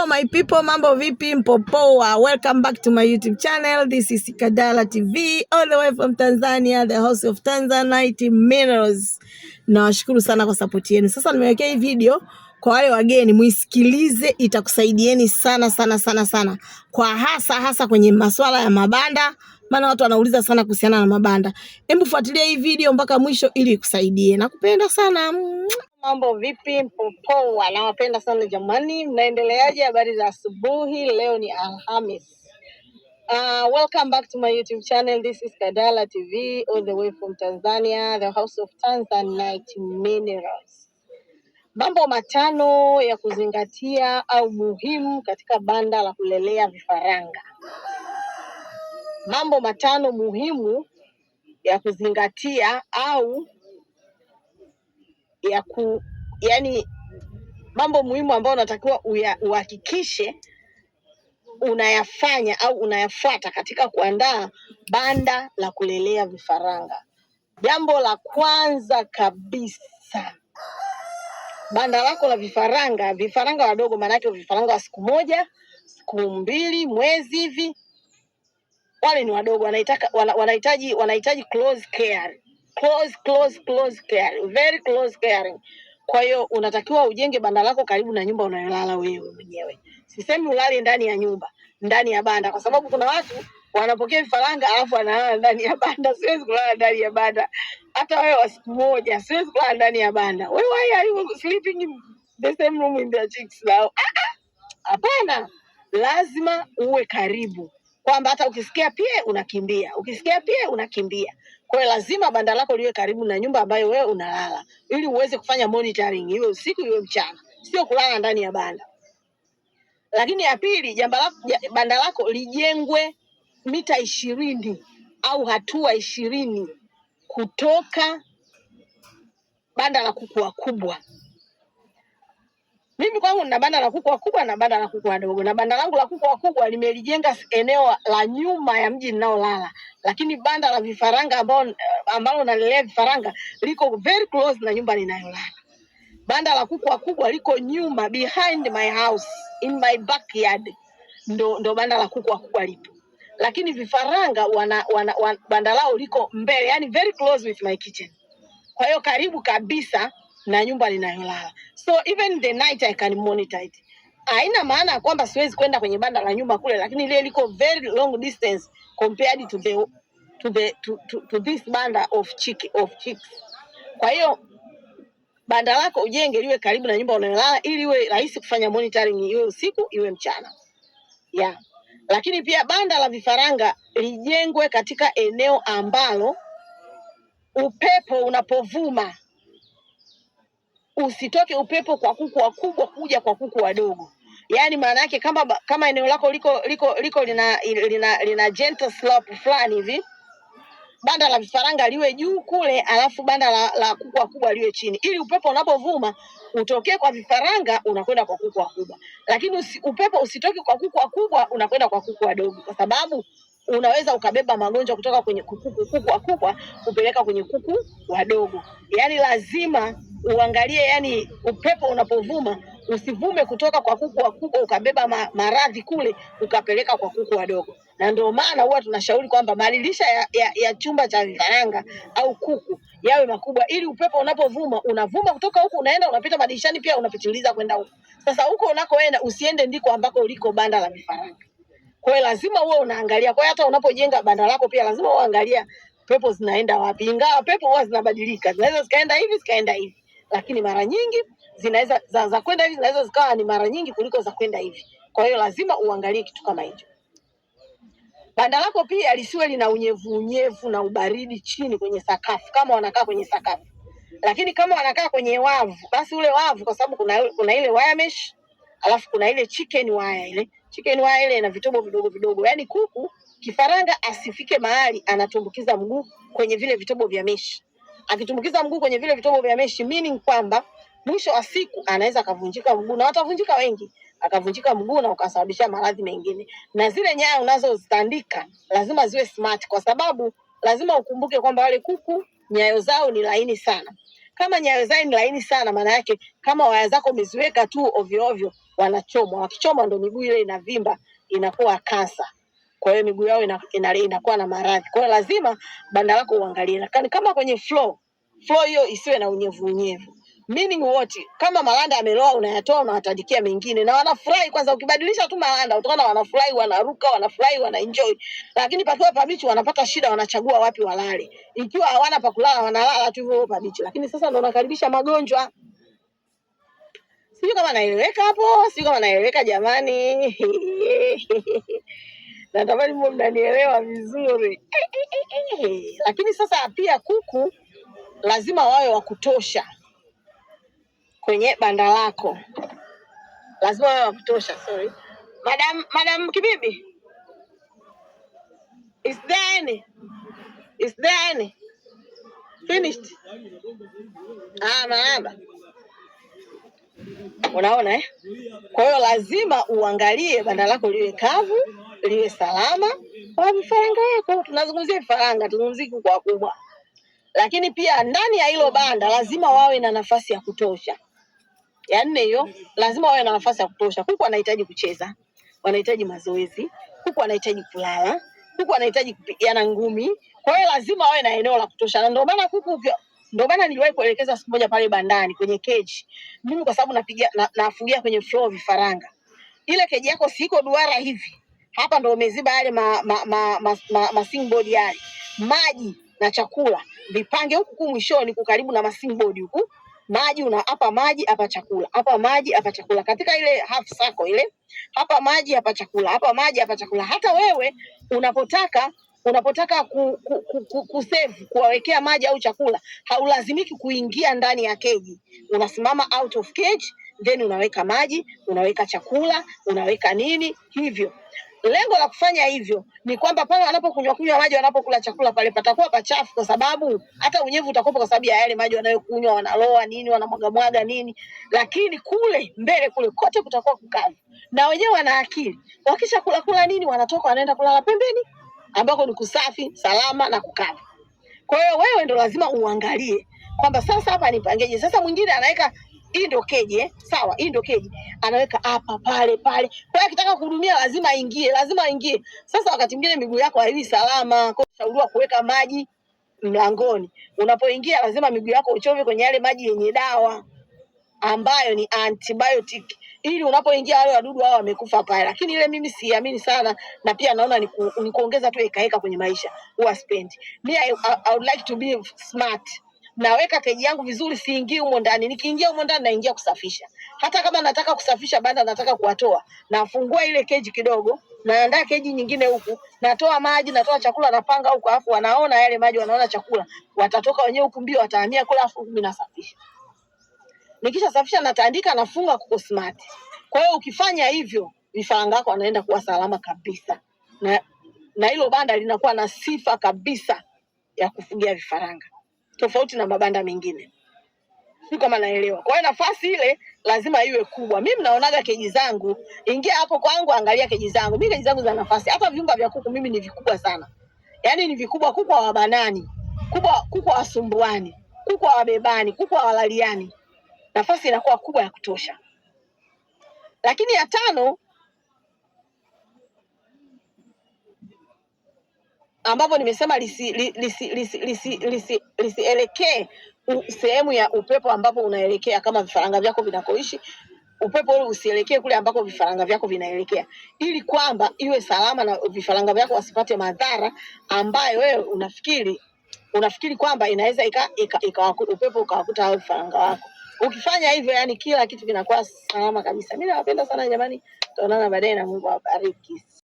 Hello my people, mambo vipi? Mpopoa, Welcome back to my YouTube channel. This is Kadala TV all the way from Tanzania, the house of Tanzanite minerals. Nawashukuru sana kwa support yenu. Sasa nimewekea hii video kwa wale wageni, muisikilize, itakusaidieni sana sana sana sana, kwa hasa hasa kwenye masuala ya mabanda maana watu wanauliza sana kuhusiana na mabanda. Hebu fuatilia hii video mpaka mwisho ili ikusaidie. Nakupenda sana. Mambo vipi? Mpopoa, nawapenda sana jamani, mnaendeleaje? Habari za asubuhi. Leo ni Alhamis. Uh, welcome back to my YouTube channel. This is Kadala TV all the way from Tanzania, the house of Tanzanite minerals. Mambo matano ya kuzingatia au muhimu katika banda la kulelea vifaranga. Mambo matano muhimu ya kuzingatia au ya ku yani mambo muhimu ambayo unatakiwa uhakikishe unayafanya au unayafuata katika kuandaa banda la kulelea vifaranga. Jambo la kwanza kabisa, banda lako la vifaranga, vifaranga wadogo, maanaake vifaranga wa siku moja, siku mbili, mwezi hivi, wale ni wadogo, wanahitaji wanahitaji wanahitaji close care close close close caring, very close caring. Kwa hiyo unatakiwa ujenge banda lako karibu na nyumba unayolala wewe mwenyewe. Sisemi ulale ndani ya nyumba, ndani ya banda, kwa sababu kuna watu wanapokea vifaranga alafu wanalala ndani ya banda. Siwezi kulala ndani ya banda hata wewe wa siku moja, siwezi kulala ndani ya banda. Wewe why are you sleeping in the same room in your chicks now? Hapana, lazima uwe karibu, kwamba hata ukisikia pie unakimbia, ukisikia pie unakimbia. Kwa hiyo lazima banda lako liwe karibu na nyumba ambayo wewe unalala ili uweze kufanya monitoring iwe usiku iwe mchana, sio kulala ndani ya banda. Lakini ya pili, jamba la banda lako lijengwe mita ishirini au hatua ishirini kutoka banda la kuku wakubwa. Mimi kwangu nina banda la kuku wakubwa na banda la kuku wadogo, na banda langu la kuku wakubwa limelijenga eneo la nyuma ya mji ninaolala, lakini banda la vifaranga ambao ambalo nalelea vifaranga liko very close na nyumba ninayolala. Banda la kuku wakubwa liko nyuma, behind my house, in my backyard, ndo ndo banda la kuku wakubwa lipo, lakini vifaranga wana, wana, wana, banda lao liko mbele, yani very close with my kitchen, kwa hiyo karibu kabisa na nyumba ninayolala, so even the night I can monitor it. Haina maana ya kwamba siwezi kwenda kwenye banda la nyumba kule, lakini lile liko very long distance compared to the to the to, to, to this banda of chick of chicks. Kwa hiyo banda lako ujenge liwe karibu na nyumba unayolala, ili iwe rahisi kufanya monitoring, iwe usiku iwe mchana yeah. Lakini pia banda la vifaranga lijengwe katika eneo ambalo upepo unapovuma usitoke upepo kwa kuku wakubwa kuja kwa kuku wadogo yani maana yake kama kama eneo lako liko liko liko lina lina, lina gentle slope fulani hivi, banda la vifaranga liwe juu kule, alafu banda la, la kuku wakubwa liwe chini, ili upepo unapovuma utokee kwa vifaranga unakwenda kwa kuku wakubwa, lakini usi, upepo usitoke kwa kuku wakubwa unakwenda kwa kuku wadogo, kwa sababu unaweza ukabeba magonjwa kutoka kwenye kuku kuku wakubwa kupeleka kwenye kuku wadogo. Yani lazima uangalie, yani upepo unapovuma Usivume kutoka kwa kuku wakubwa ukabeba ma, maradhi kule ukapeleka kwa kuku wadogo, na ndio maana huwa tunashauri kwamba malilisha ya, ya, ya chumba cha vifaranga au kuku yawe makubwa, ili upepo unapovuma unavuma kutoka huku unaenda unapita madirishani pia unapitiliza kwenda huku. Sasa huko unakoenda usiende ndiko ambako uliko banda la vifaranga. Kwa hiyo lazima uwe unaangalia. Kwa hiyo hata unapojenga banda lako pia lazima uangalia pepo zinaenda wapi, ingawa pepo huwa zinabadilika, zinaweza zikaenda hivi zikaenda hivi, lakini mara nyingi zinaweza za, za kwenda hivi zinaweza zikawa ni mara nyingi kuliko za kwenda hivi. Kwa hiyo lazima uangalie kitu kama hicho. Banda lako pia lisiwe lina unyevu unyevu na ubaridi chini kwenye sakafu, kama wanakaa kwenye sakafu. Lakini kama wanakaa kwenye wavu, basi ule wavu, kwa sababu kuna, kuna ile wire mesh alafu kuna ile chicken wire ile chicken wire ile ina vitobo vidogo vidogo, yaani kuku kifaranga asifike mahali anatumbukiza mguu kwenye vile vitobo vya meshi. Akitumbukiza mguu kwenye vile vitobo vya meshi, meaning kwamba mwisho wa siku anaweza akavunjika mguu na watavunjika wengi, akavunjika mguu na ukasababisha maradhi mengine. Na zile nyaya unazozitandika lazima ziwe smart, kwa sababu lazima ukumbuke kwamba wale kuku nyayo zao ni laini sana. Kama nyayo zao ni laini sana, maana yake kama waya zako umeziweka tu ovyo ovyo, wanachomwa. Wakichomwa ndo miguu ile inavimba, inakuwa kansa. Kwa hiyo miguu yao inakuwa ina, ina, na maradhi. Kwa hiyo lazima banda lako uangalie, kama kwenye floor floor hiyo isiwe na unyevu unyevu meaning what? Kama malanda ameloa unayatoa unawatandikia mengine na wanafurahi. Kwanza ukibadilisha tu malanda utaona wanafurahi, wanaruka, wanafurahi, wanaenjoy. Lakini pakiwa pabichi wanapata shida, wanachagua wapi walale. Ikiwa hawana pa kulala wanalala tu hivyo pabichi. Lakini sasa ndo nakaribisha magonjwa. Sijui kama naeleweka hapo, sijui kama naeleweka jamani. Natamani mwe mnanielewa vizuri. Lakini sasa pia kuku lazima wawe wa kutosha kwenye banda lako, lazima wewe wa kutosha. Sorry madam, madam Kibibi, is there any is there any finished? Ah, maaba Unaona eh? Kwa hiyo lazima uangalie banda lako liwe kavu, liwe salama kwa vifaranga wako. Tunazungumzia vifaranga, tuzungumzie kuku wakubwa, lakini pia ndani ya hilo banda lazima wawe na nafasi ya kutosha ya yaani nne hiyo, lazima wawe na nafasi ya kutosha. Kuku anahitaji kucheza, wanahitaji mazoezi, kuku anahitaji kulala, kuku anahitaji kupigiana ngumi. Kwa hiyo lazima wawe na eneo la kutosha, na ndio maana kuku ndio maana niliwahi kuelekeza siku moja pale bandani kwenye keji. Mimi kwa sababu napiga na, nafugia kwenye floor vifaranga. Ile keji yako siko duara hivi. Hapa ndio umeziba yale ma ma ma, ma, ma, ma sing board yale. Maji na chakula. Vipange huku mwishoni kukaribu na masing board huku maji una hapa maji hapa chakula hapa maji hapa chakula, katika ile half circle ile, hapa maji hapa chakula hapa maji hapa chakula. Hata wewe unapotaka unapotaka ku, ku, ku, ku, kusevu kuwawekea maji au chakula, haulazimiki kuingia ndani ya keji, unasimama out of cage, then unaweka maji unaweka chakula unaweka nini hivyo. Lengo la kufanya hivyo ni kwamba pale wanapokunywa kunywa maji, wanapokula chakula pale patakuwa pachafu, kwa sababu hata unyevu utakopa kwa sababu ya yale maji wanayokunywa, wanaloa nini, wanamwaga mwaga nini, lakini kule mbele kule kote kutakuwa kukavu, na wenyewe wana akili. Wakisha kula kula nini, wanatoka wanaenda kulala pembeni, ambako ni kusafi, salama na kukavu. Kwa hiyo wewe ndo lazima uangalie kwamba sasa hapa nipangeje. Sasa mwingine anaweka hii ndio eh? sawa, hii ndio keji anaweka hapa pale pale. Kwa hiyo akitaka kuhudumia lazima aingie, lazima aingie. Sasa wakati mwingine miguu yako haiwi salama, kwa ushauriwa kuweka maji mlangoni unapoingia, lazima miguu yako uchove kwenye yale maji yenye dawa ambayo ni antibiotic ili unapoingia wale wadudu hao wamekufa pale. Lakini ile mimi siamini sana, na pia naona ni, ku, ni kuongeza tu hekaheka kwenye maisha. Huwa spendi mimi I, I would like to be smart naweka peji yangu vizuri, siingii humo ndani. Nikiingia humo ndani, naingia kusafisha. Hata kama nataka kusafisha banda, nataka kuwatoa, nafungua ile keji kidogo, naandaa keji nyingine huku, natoa maji, natoa chakula, napanga huku, afu wanaona yale maji, wanaona chakula, watatoka wenyewe huku mbio, watahamia kula, afu mimi nasafisha. Nikishasafisha natandika, nafunga kuko smart. Kwa hiyo ukifanya hivyo, vifaranga wako wanaenda kuwa salama kabisa, na na hilo banda linakuwa na sifa kabisa ya kufugia vifaranga tofauti na mabanda mengine. Si kama naelewa. Kwa hiyo nafasi ile lazima iwe kubwa. Mimi naonaga keji zangu, ingia hapo kwangu, angalia keji zangu. Mimi keji zangu za nafasi. Hata vyumba vya kuku mimi ni vikubwa sana. Yaani ni vikubwa, kuku kubwa kuku sumbuani, kuku wabebani kuku walaliani Nafasi inakuwa kubwa ya kutosha. Lakini ya tano ambapo nimesema lisielekee lisi, lisi, lisi, lisi, lisi sehemu ya upepo ambapo unaelekea kama vifaranga vyako vinakoishi upepo ule usielekee kule ambako vifaranga vyako vinaelekea, ili kwamba iwe salama na vifaranga vyako wasipate madhara ambayo wewe unafikiri unafikiri kwamba inaweza ika, ika, ika, upepo ukawakuta hao vifaranga wako. Ukifanya hivyo, yani kila kitu kinakuwa salama kabisa. Mimi nawapenda sana jamani, tutaonana baadaye na Mungu awabariki.